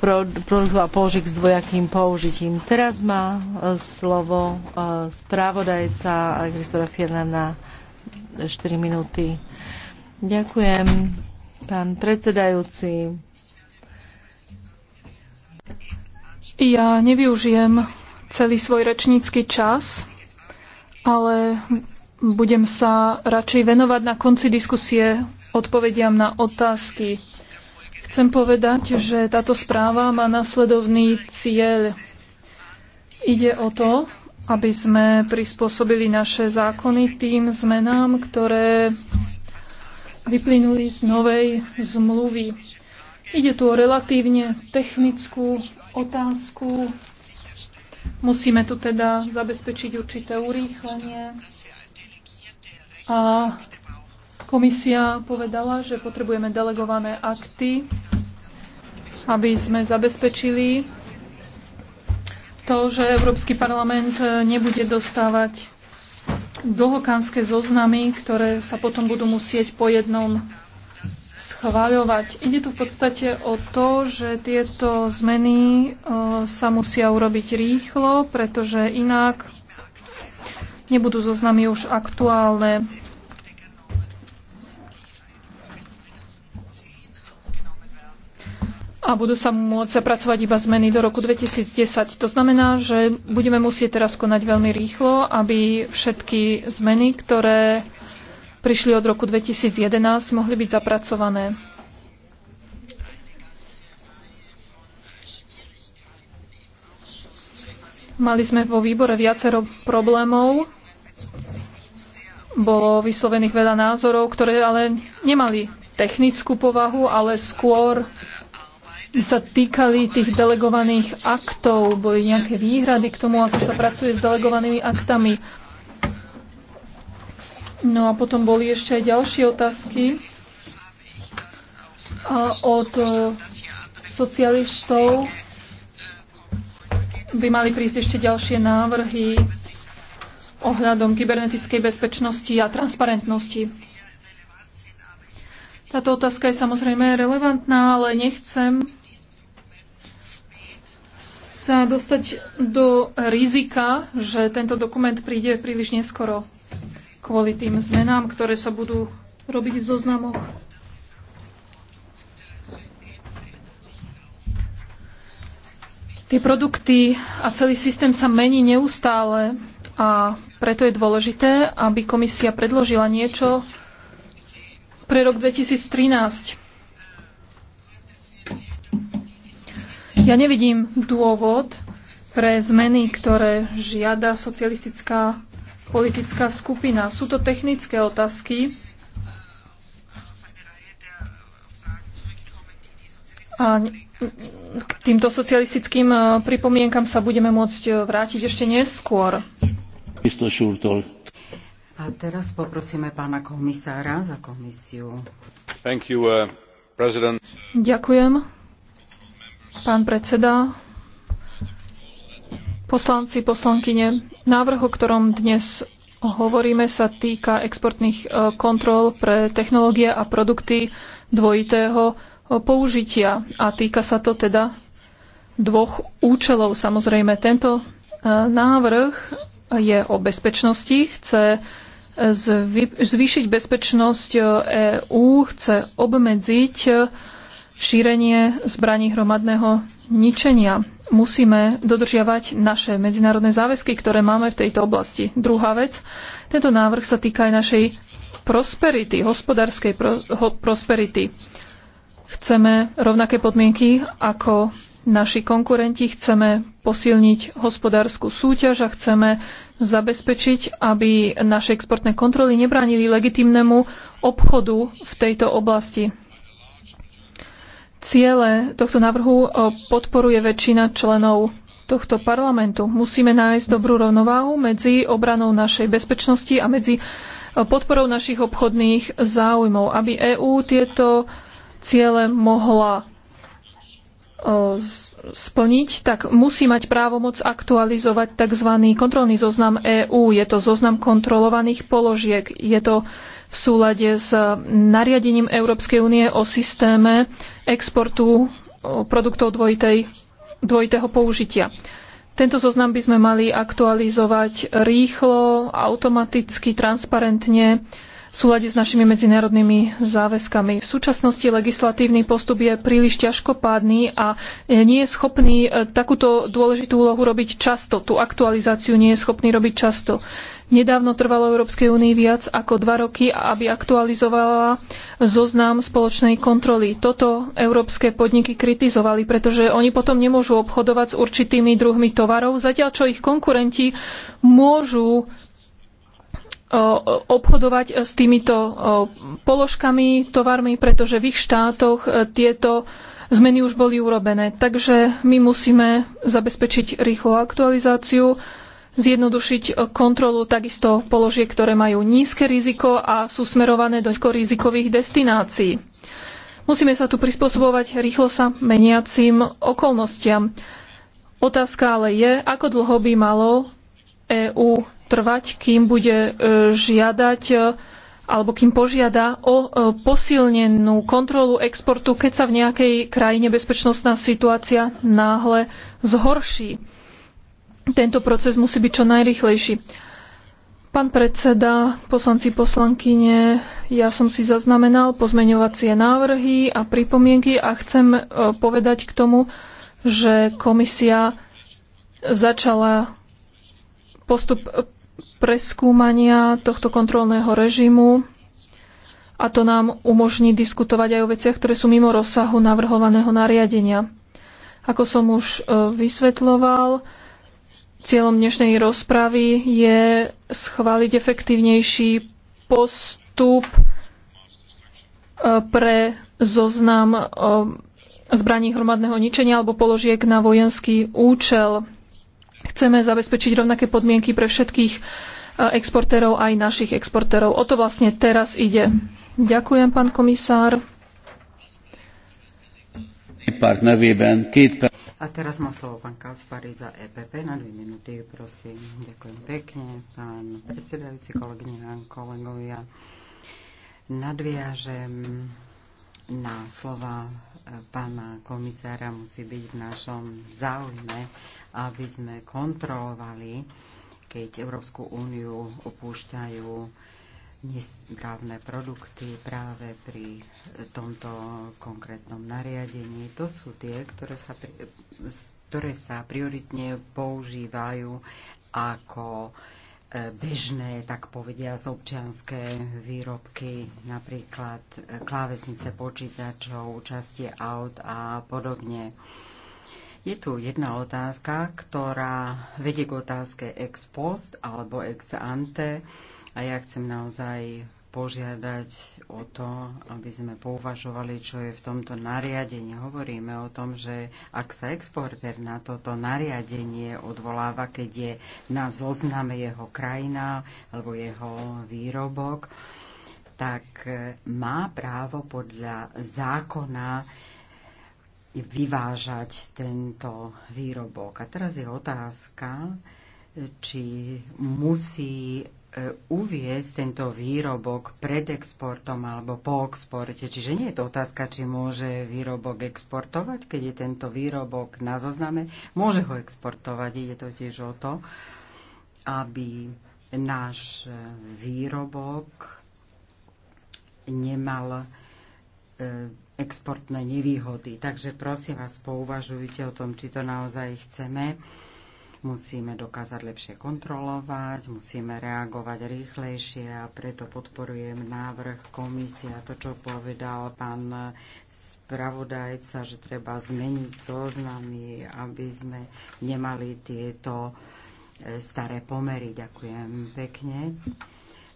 produktov a položiek s dvojakým použitím. Teraz má e, slovo e, správodajca e, Kristóra Fierna na 4 minúty. Ďakujem, pán predsedajúci. Ja nevyužijem celý svoj rečnícky čas, ale budem sa radšej venovať na konci diskusie odpovediam na otázky. Chcem povedať, že táto správa má nasledovný cieľ. Ide o to, aby sme prispôsobili naše zákony tým zmenám, ktoré vyplynuli z novej zmluvy. Ide tu o relatívne technickú otázku. Musíme tu teda zabezpečiť určité urýchlenie. A komisia povedala, že potrebujeme delegované akty aby sme zabezpečili to, že Európsky parlament e, nebude dostávať dlhokánske zoznamy, ktoré sa potom budú musieť po jednom schváľovať. Ide tu v podstate o to, že tieto zmeny e, sa musia urobiť rýchlo, pretože inak nebudú zoznamy už aktuálne. a budú sa môcť zapracovať iba zmeny do roku 2010. To znamená, že budeme musieť teraz konať veľmi rýchlo, aby všetky zmeny, ktoré prišli od roku 2011, mohli byť zapracované. Mali sme vo výbore viacero problémov. Bolo vyslovených veľa názorov, ktoré ale nemali technickú povahu, ale skôr sa týkali tých delegovaných aktov, boli nejaké výhrady k tomu, ako sa pracuje s delegovanými aktami. No a potom boli ešte aj ďalšie otázky a od e, socialistov by mali prísť ešte ďalšie návrhy ohľadom kybernetickej bezpečnosti a transparentnosti. Táto otázka je samozrejme relevantná, ale nechcem sa dostať do rizika, že tento dokument príde príliš neskoro kvôli tým zmenám, ktoré sa budú robiť v zoznamoch. Tie produkty a celý systém sa mení neustále a preto je dôležité, aby komisia predložila niečo pre rok 2013. Ja nevidím dôvod pre zmeny, ktoré žiada socialistická politická skupina. Sú to technické otázky. A k týmto socialistickým e, pripomienkam sa budeme môcť e, vrátiť ešte neskôr. A teraz poprosíme pána komisára za komisiu. You, uh, Ďakujem. Pán predseda, poslanci, poslankyne, návrh, o ktorom dnes hovoríme, sa týka exportných e, kontrol pre technológie a produkty dvojitého e, použitia. A týka sa to teda dvoch účelov. Samozrejme, tento e, návrh je o bezpečnosti, chce zvýšiť bezpečnosť EÚ, chce obmedziť šírenie zbraní hromadného ničenia. Musíme dodržiavať naše medzinárodné záväzky, ktoré máme v tejto oblasti. Druhá vec, tento návrh sa týka aj našej prosperity, hospodárskej pro, ho, prosperity. Chceme rovnaké podmienky ako naši konkurenti, chceme posilniť hospodárskú súťaž a chceme zabezpečiť, aby naše exportné kontroly nebránili legitimnému obchodu v tejto oblasti. Ciele tohto návrhu eh, podporuje väčšina členov tohto parlamentu. Musíme nájsť dobrú rovnováhu medzi obranou našej bezpečnosti a medzi eh, podporou našich obchodných záujmov, aby EÚ tieto ciele mohla eh, splniť, tak musí mať právomoc aktualizovať tzv. kontrolný zoznam EÚ. Je to zoznam kontrolovaných položiek. Je to v súlade s eh, nariadením Európskej únie o systéme exportu eh, produktov dvojitej, dvojitého použitia. Tento zoznam by sme mali aktualizovať rýchlo, automaticky, transparentne, v súlade s našimi medzinárodnými záväzkami. V súčasnosti legislatívny postup je príliš ťažkopádny a eh, nie je schopný takúto dôležitú úlohu robiť často. Tú aktualizáciu nie je schopný robiť často. Nedávno trvalo Európskej únii viac ako dva roky, aby aktualizovala zoznam spoločnej kontroly. Toto európske podniky kritizovali, pretože oni potom nemôžu obchodovať s určitými druhmi tovarov, zatiaľ čo ich konkurenti môžu obchodovať s týmito položkami, tovarmi, pretože v ich štátoch e, tieto zmeny už boli urobené. Takže my musíme zabezpečiť rýchlu aktualizáciu zjednodušiť kontrolu takisto položiek, ktoré majú nízke riziko a sú smerované do rizikových destinácií. Musíme sa tu prispôsobovať rýchlo sa meniacim okolnostiam. Otázka ale je, ako dlho by malo EÚ trvať, kým bude e, žiadať e, alebo kým požiada o e, posilnenú kontrolu exportu, keď sa v nejakej krajine bezpečnostná situácia náhle zhorší. Tento proces musí byť čo najrychlejší. Pán predseda, poslanci, poslankyne, ja som si zaznamenal pozmeňovacie návrhy a pripomienky a chcem e, povedať k tomu, že komisia začala postup e, preskúmania tohto kontrolného režimu a to nám umožní diskutovať aj o veciach, ktoré sú mimo rozsahu navrhovaného nariadenia. Ako som už e, vysvetloval, Cieľom dnešnej rozpravy je schváliť efektívnejší postup e, pre zoznam e, zbraní hromadného ničenia alebo položiek na vojenský účel. Chceme zabezpečiť rovnaké podmienky pre všetkých e, exportérov aj našich exportérov. O to vlastne teraz ide. Ďakujem, pán komisár. A teraz má slovo pán Kaspari za EPP na dve minúty, prosím. Ďakujem pekne, pán predsedajúci, kolegyne a kolegovia. Nadviažem na slova e, pána komisára musí byť v našom záujme, aby sme kontrolovali, keď Európsku úniu opúšťajú nesprávne produkty práve pri tomto konkrétnom nariadení. To sú tie, ktoré sa, ktoré sa prioritne používajú ako e, bežné, tak povedia, z občianské výrobky, napríklad e, klávesnice počítačov, časti aut a podobne. Je tu jedna otázka, ktorá vedie k otázke ex post alebo ex ante a ja chcem naozaj požiadať o to, aby sme pouvažovali, čo je v tomto nariadení. Hovoríme o tom, že ak sa exportér na toto nariadenie odvoláva, keď je na zozname jeho krajina alebo jeho výrobok, tak e, má právo podľa zákona vyvážať tento výrobok. A teraz je otázka, e, či musí E, uviezť tento výrobok pred exportom alebo po exporte. Čiže nie je to otázka, či môže výrobok exportovať, keď je tento výrobok na zozname. Môže ho exportovať. Ide to tiež o to, aby náš výrobok nemal e, exportné nevýhody. Takže prosím vás, pouvažujte o tom, či to naozaj chceme Musíme dokázať lepšie kontrolovať, musíme reagovať rýchlejšie a preto podporujem návrh komisia, to, čo povedal pán spravodajca, že treba zmeniť zoznamy, aby sme nemali tieto e, staré pomery. Ďakujem pekne.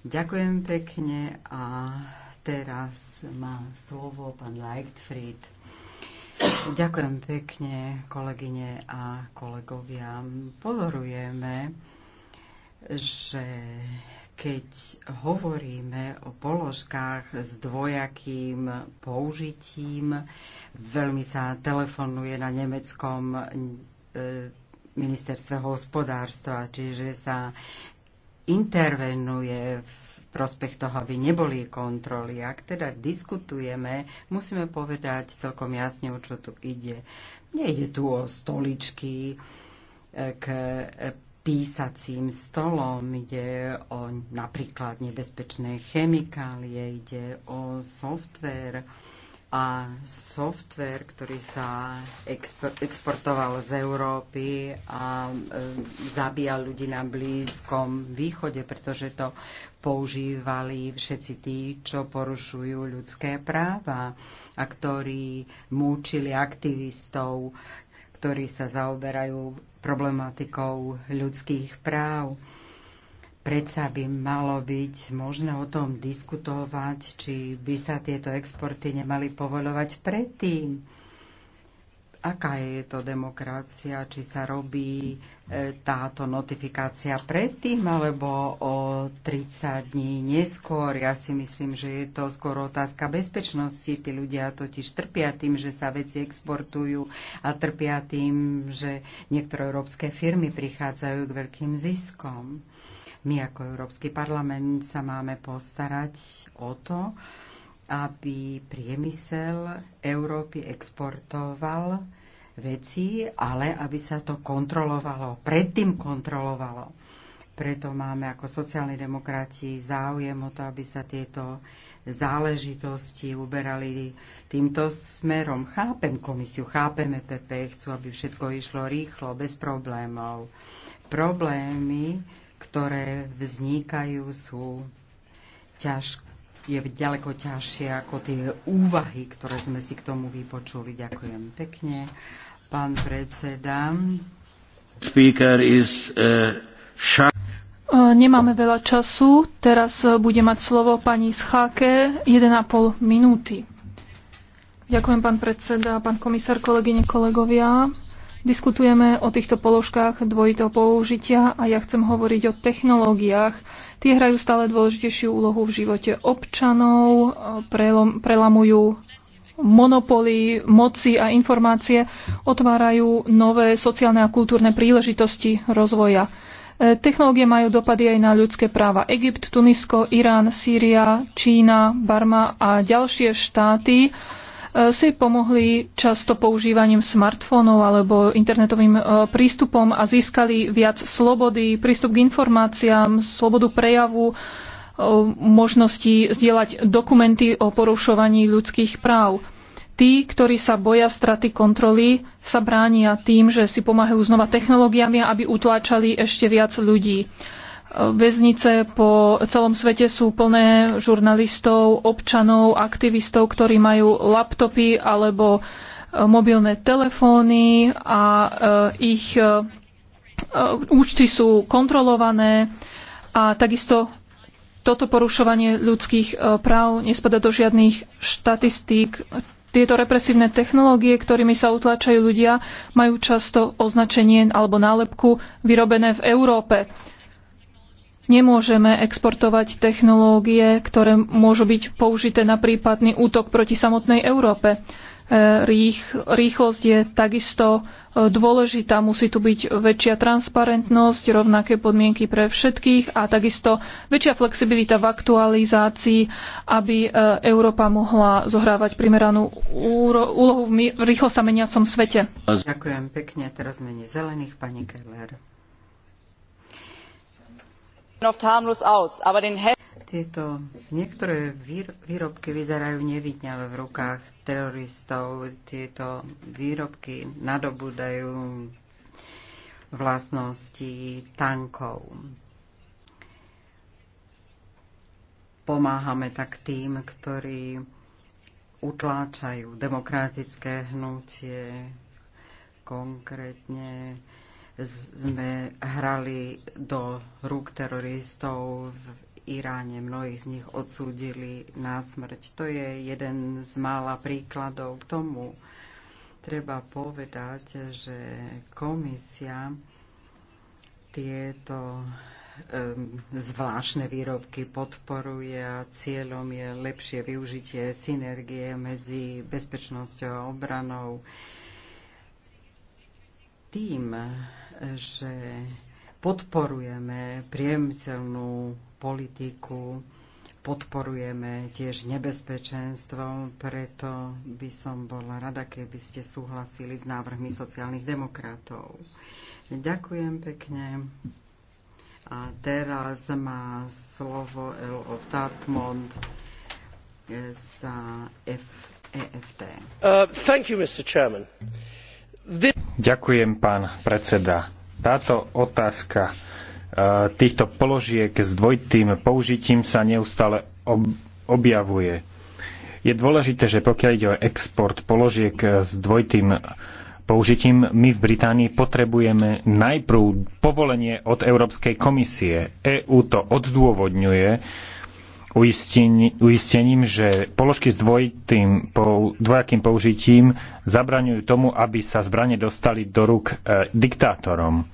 Ďakujem pekne a teraz má slovo pán Leichtfried. Ďakujem pekne, kolegyne a kolegovia. Pozorujeme, že keď hovoríme o položkách s dvojakým použitím, veľmi sa telefonuje na nemeckom e, ministerstve hospodárstva, čiže sa intervenuje v prospech toho, aby neboli kontroly. Ak teda diskutujeme, musíme povedať celkom jasne, o čo tu ide. je tu o stoličky e, k e, písacím stolom, ide o napríklad nebezpečné chemikálie, ide o software, a software, ktorý sa exportoval z Európy a e, zabíjal ľudí na Blízkom východe, pretože to používali všetci tí, čo porušujú ľudské práva a ktorí múčili aktivistov, ktorí sa zaoberajú problematikou ľudských práv predsa by malo byť možné o tom diskutovať, či by sa tieto exporty nemali povoľovať predtým. Aká je to demokracia, či sa robí e, táto notifikácia predtým alebo o 30 dní neskôr. Ja si myslím, že je to skôr otázka bezpečnosti. Tí ľudia totiž trpia tým, že sa veci exportujú a trpia tým, že niektoré európske firmy prichádzajú k veľkým ziskom. My ako Európsky parlament sa máme postarať o to, aby priemysel Európy exportoval veci, ale aby sa to kontrolovalo, predtým kontrolovalo. Preto máme ako sociálni demokrati záujem o to, aby sa tieto záležitosti uberali týmto smerom. Chápem komisiu, chápeme PP, chcú, aby všetko išlo rýchlo, bez problémov. Problémy ktoré vznikajú, sú ťaž, je ďaleko ťažšie ako tie úvahy, ktoré sme si k tomu vypočuli. Ďakujem pekne. Pán predseda. Speaker is, uh, Nemáme veľa času. Teraz uh, bude mať slovo pani Scháke 1,5 minúty. Ďakujem, pán predseda, pán komisár, kolegyne, kolegovia. Diskutujeme o týchto položkách dvojitého použitia a ja chcem hovoriť o technológiách. Tie hrajú stále dôležitejšiu úlohu v živote občanov, prelom, prelamujú monopoly, moci a informácie, otvárajú nové sociálne a kultúrne príležitosti rozvoja. E, technológie majú dopady aj na ľudské práva. Egypt, Tunisko, Irán, Sýria, Čína, Barma a ďalšie štáty si pomohli často používaním smartfónov alebo internetovým e, prístupom a získali viac slobody, prístup k informáciám, slobodu prejavu, e, možnosti zdieľať dokumenty o porušovaní ľudských práv. Tí, ktorí sa boja straty kontroly, sa bránia tým, že si pomáhajú znova technológiami, aby utláčali ešte viac ľudí. Väznice po celom svete sú plné žurnalistov, občanov, aktivistov, ktorí majú laptopy alebo e, mobilné telefóny a e, ich e, účty sú kontrolované a takisto toto porušovanie ľudských práv nespada do žiadnych štatistík. Tieto represívne technológie, ktorými sa utláčajú ľudia, majú často označenie alebo nálepku vyrobené v Európe. Nemôžeme exportovať technológie, ktoré môžu byť použité na prípadný útok proti samotnej Európe. E, rých, rýchlosť je takisto e, dôležitá. Musí tu byť väčšia transparentnosť, rovnaké podmienky pre všetkých a takisto väčšia flexibilita v aktualizácii, aby e, Európa mohla zohrávať primeranú úlohu v rýchlo sa meniacom svete. Ďakujem pekne. Teraz mene zelených, pani Keller oft harmlos aus, aber den tieto niektoré výrobky vyzerajú ale v rukách teroristov. Tieto výrobky nadobúdajú vlastnosti tankov. Pomáhame tak tým, ktorí utláčajú demokratické hnutie, konkrétne sme hrali do rúk teroristov v Iráne. Mnohých z nich odsúdili na smrť. To je jeden z mála príkladov k tomu. Treba povedať, že komisia tieto zvláštne výrobky podporuje a cieľom je lepšie využitie synergie medzi bezpečnosťou a obranou. Tým, že podporujeme priemyselnú politiku, podporujeme tiež nebezpečenstvo, preto by som bola rada, keby ste súhlasili s návrhmi sociálnych demokratov. Ďakujem pekne. A teraz má slovo Of Tartmond eh, za F- EFT. Uh, thank you, Mr. Chairman. Uh, Ďakujem, pán predseda. Táto otázka e, týchto položiek s dvojitým použitím sa neustále objavuje. Je dôležité, že pokiaľ ide o export položiek s dvojitým použitím, my v Británii potrebujeme najprv povolenie od Európskej komisie. EÚ to odzdôvodňuje uistením, že položky s dvojitým, dvojakým použitím zabraňujú tomu, aby sa zbranie dostali do rúk e, diktátorom.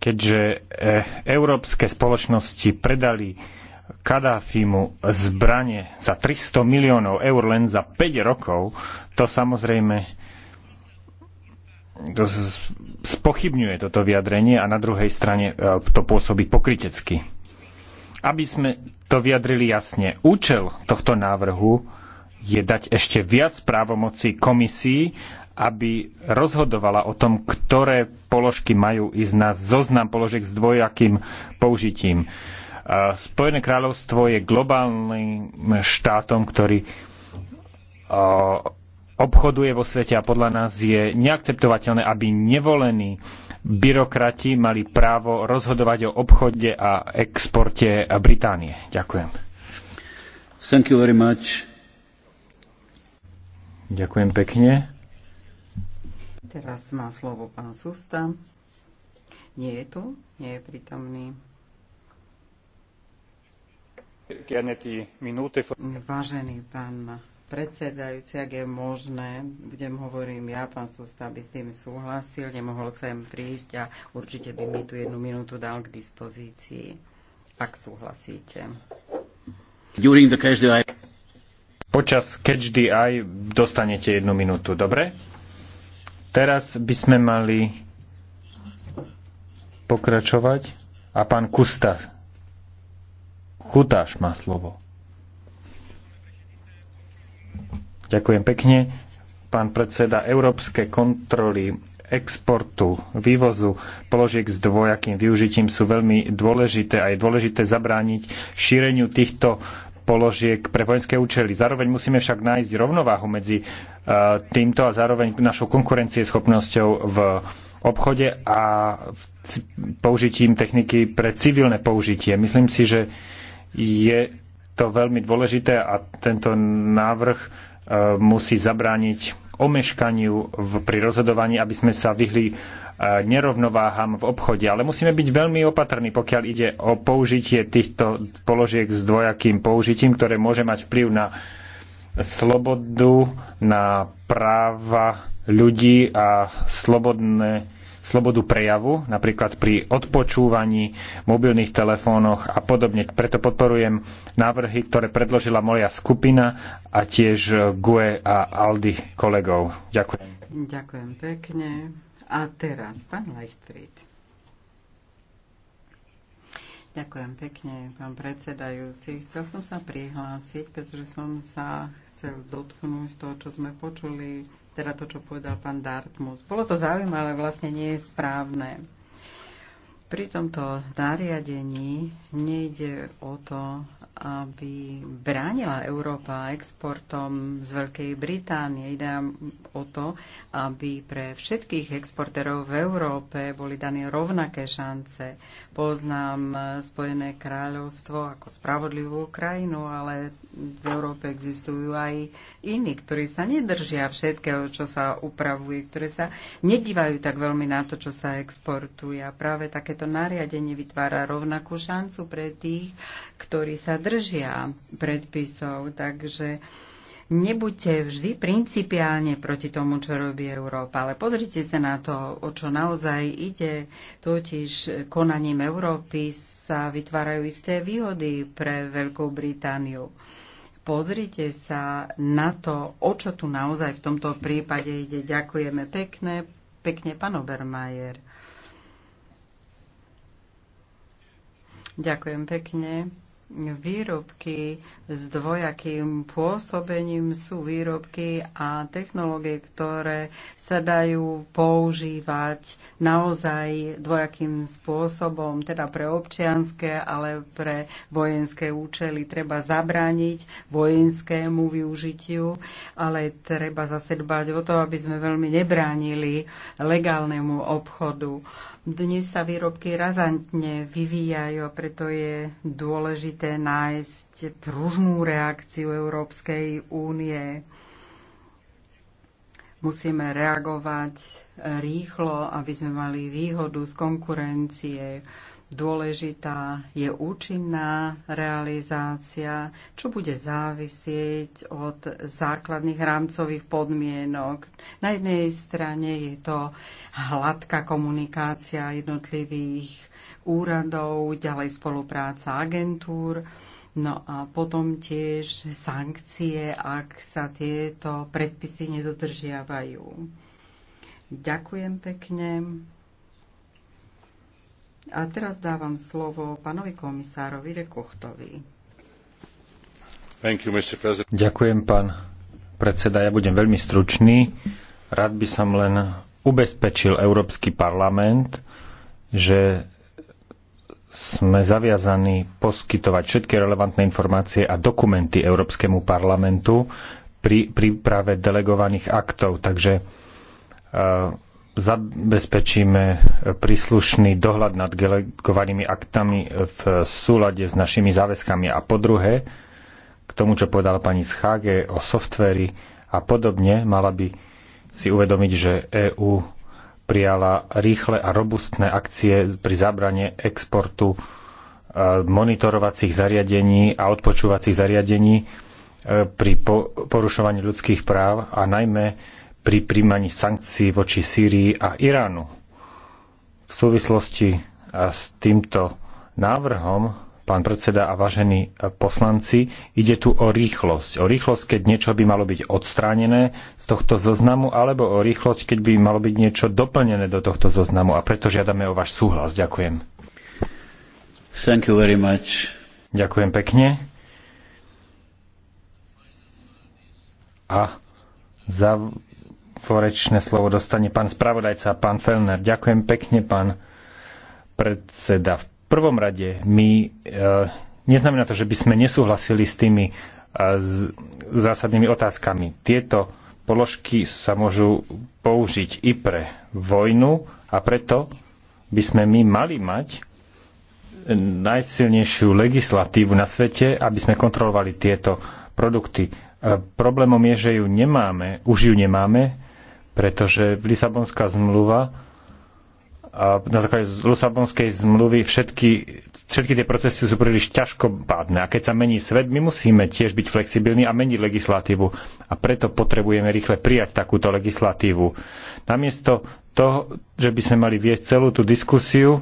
Keďže e, európske spoločnosti predali Kadáfimu zbranie za 300 miliónov eur len za 5 rokov, to samozrejme spochybňuje toto vyjadrenie a na druhej strane e, to pôsobí pokrytecky aby sme to vyjadrili jasne, účel tohto návrhu je dať ešte viac právomocí komisii, aby rozhodovala o tom, ktoré položky majú ísť na zoznam položiek s dvojakým použitím. E, Spojené kráľovstvo je globálnym štátom, ktorý e, obchoduje vo svete a podľa nás je neakceptovateľné, aby nevolený byrokrati mali právo rozhodovať o obchode a exporte Británie. Ďakujem. Thank you very much. Ďakujem pekne. Teraz má slovo pán Susta. Nie je tu, nie je prítomný. Vážený pán predsedajúci, ak je možné, budem hovorím ja, pán Susta by s tým súhlasil, nemohol sem prísť a určite by mi tu jednu minútu dal k dispozícii, ak súhlasíte. During the the eye. Počas catch the eye dostanete jednu minútu, dobre? Teraz by sme mali pokračovať a pán Kusta Kutáš má slovo. Ďakujem pekne. Pán predseda, európske kontroly exportu, vývozu položiek s dvojakým využitím sú veľmi dôležité a je dôležité zabrániť šíreniu týchto položiek pre vojenské účely. Zároveň musíme však nájsť rovnováhu medzi e, týmto a zároveň našou konkurencieschopnosťou v obchode a použitím techniky pre civilné použitie. Myslím si, že je to veľmi dôležité a tento návrh E, musí zabrániť omeškaniu v, pri rozhodovaní, aby sme sa vyhli e, nerovnováham v obchode. Ale musíme byť veľmi opatrní, pokiaľ ide o použitie týchto položiek s dvojakým použitím, ktoré môže mať vplyv na slobodu, na práva ľudí a slobodné slobodu prejavu, napríklad pri odpočúvaní, mobilných telefónoch a podobne. Preto podporujem návrhy, ktoré predložila moja skupina a tiež GUE a ALDI kolegov. Ďakujem. Ďakujem pekne. A teraz pán Leichtfried. Ďakujem pekne, pán predsedajúci. Chcel som sa prihlásiť, pretože som sa chcel dotknúť toho, čo sme počuli teda to, čo povedal pán Dartmus. Bolo to zaujímavé, ale vlastne nie je správne. Pri tomto nariadení nejde o to, aby bránila Európa exportom z Veľkej Británie. Ide o to, aby pre všetkých exportérov v Európe boli dané rovnaké šance. Poznám Spojené kráľovstvo ako spravodlivú krajinu, ale v Európe existujú aj iní, ktorí sa nedržia všetkého, čo sa upravuje, ktorí sa nedívajú tak veľmi na to, čo sa exportuje. A práve takéto to nariadenie vytvára rovnakú šancu pre tých, ktorí sa držia predpisov. Takže nebuďte vždy principiálne proti tomu, čo robí Európa, ale pozrite sa na to, o čo naozaj ide. Totiž konaním Európy sa vytvárajú isté výhody pre Veľkú Britániu. Pozrite sa na to, o čo tu naozaj v tomto prípade ide. Ďakujeme pekne, pekne pán Obermajer. Ďakujem pekne. Výrobky s dvojakým pôsobením sú výrobky a technológie, ktoré sa dajú používať naozaj dvojakým spôsobom, teda pre občianské, ale pre vojenské účely. Treba zabrániť vojenskému využitiu, ale treba zase dbať o to, aby sme veľmi nebránili legálnemu obchodu dnes sa výrobky razantne vyvíjajú a preto je dôležité nájsť pružnú reakciu Európskej únie. Musíme reagovať rýchlo, aby sme mali výhodu z konkurencie Dôležitá je účinná realizácia, čo bude závisieť od základných rámcových podmienok. Na jednej strane je to hladká komunikácia jednotlivých úradov, ďalej spolupráca agentúr, no a potom tiež sankcie, ak sa tieto predpisy nedodržiavajú. Ďakujem pekne. A teraz dávam slovo pánovi komisárovi Rekochtovi. Ďakujem, pán predseda. Ja budem veľmi stručný. Rád by som len ubezpečil Európsky parlament, že sme zaviazaní poskytovať všetky relevantné informácie a dokumenty Európskemu parlamentu pri príprave delegovaných aktov. Takže uh, zabezpečíme príslušný dohľad nad delegovanými aktami v súlade s našimi záväzkami. A po druhé, k tomu, čo povedala pani Schage o softvéri a podobne, mala by si uvedomiť, že EÚ prijala rýchle a robustné akcie pri zábrane exportu e, monitorovacích zariadení a odpočúvacích zariadení e, pri porušovaní ľudských práv a najmä pri príjmaní sankcií voči Sýrii a Iránu. V súvislosti s týmto návrhom, pán predseda a vážení e, poslanci, ide tu o rýchlosť. O rýchlosť, keď niečo by malo byť odstránené z tohto zoznamu, alebo o rýchlosť, keď by malo byť niečo doplnené do tohto zoznamu. A preto žiadame o váš súhlas. Ďakujem. Thank you very much. Ďakujem pekne. A za záverečné slovo dostane pán spravodajca, pán Felner. Ďakujem pekne, pán predseda. V prvom rade my eh, neznamená to, že by sme nesúhlasili s tými eh, zásadnými otázkami. Tieto položky sa môžu použiť i pre vojnu a preto by sme my mali mať najsilnejšiu legislatívu na svete, aby sme kontrolovali tieto produkty. Eh, problémom je, že ju nemáme, už ju nemáme pretože Lisabonská zmluva a na základe Lisabonskej zmluvy všetky, všetky tie procesy sú príliš ťažkopádne. A keď sa mení svet, my musíme tiež byť flexibilní a meniť legislatívu. A preto potrebujeme rýchle prijať takúto legislatívu. Namiesto toho, že by sme mali viesť celú tú diskusiu,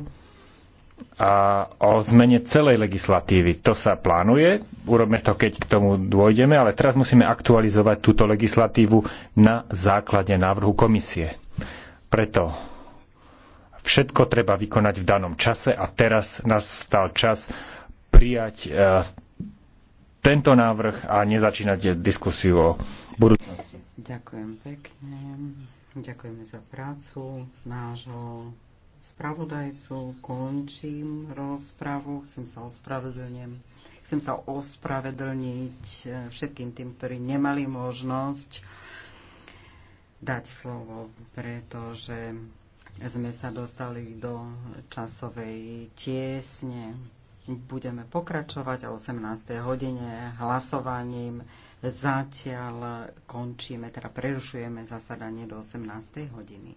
a o zmene celej legislatívy. To sa plánuje, urobme to, keď k tomu dôjdeme, ale teraz musíme aktualizovať túto legislatívu na základe návrhu komisie. Preto všetko treba vykonať v danom čase a teraz nastal čas prijať e, tento návrh a nezačínať diskusiu o budúcnosti. Ďakujem pekne. Ďakujeme za prácu nášho spravodajcu, končím rozpravu, chcem sa ospravedlňujem. Chcem sa ospravedlniť e, všetkým tým, ktorí nemali možnosť dať slovo, pretože sme sa dostali do časovej tiesne. Budeme pokračovať o 18. hodine hlasovaním. Zatiaľ končíme, teda prerušujeme zasadanie do 18. hodiny.